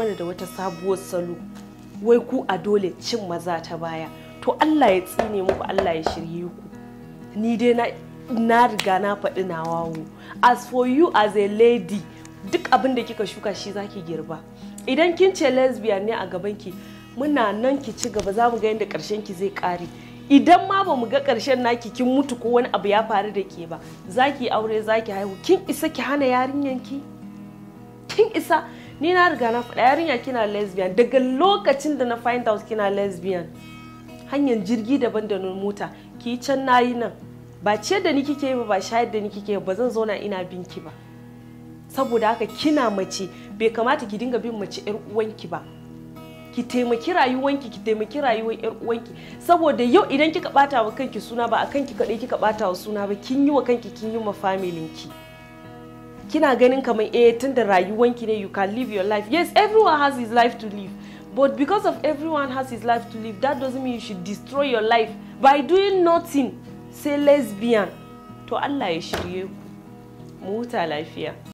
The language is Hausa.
wani da wata sabuwar salo wai ku a dole cin maza ta baya to Allah ya tsine muku Allah ya shirye ku ni dai na na riga na faɗi na wawo as for you as a lady duk abin da kika shuka shi zaki girba idan kin ce lesbian ne a gaban ki muna nan ki ci gaba za mu ga yadda karshen ki zai ƙare idan ma ba mu ga ƙarshen naki kin mutu ko wani abu ya faru da ke ba zaki aure zaki haihu kin isa ki hana yarinyanki kin isa ni na riga na faɗa yarinya kina lesbian daga lokacin da na find out kina lesbian hanyar jirgi daban da mota ki can na yi nan ba ce da ni kike yi ba ba shayar da ni kike ba zan zauna ina binki ba saboda haka kina mace bai kamata ki dinga bin mace yar uwanki ba ki taimaki rayuwanki ki taimaki rayuwar yar uwanki saboda yau idan kika bata wa kanki suna ba a kanki kadai kika bata wa suna ba kin yi wa kanki kin yi ma familinki ki kina ganin kamar eh tunda rayuwanki ne you can live your life yes everyone has his life to live but because of everyone has his life to live that doesn't mean you should destroy your life by doing nothing say lesbian to Allah ya shirye ku mu huta lafiya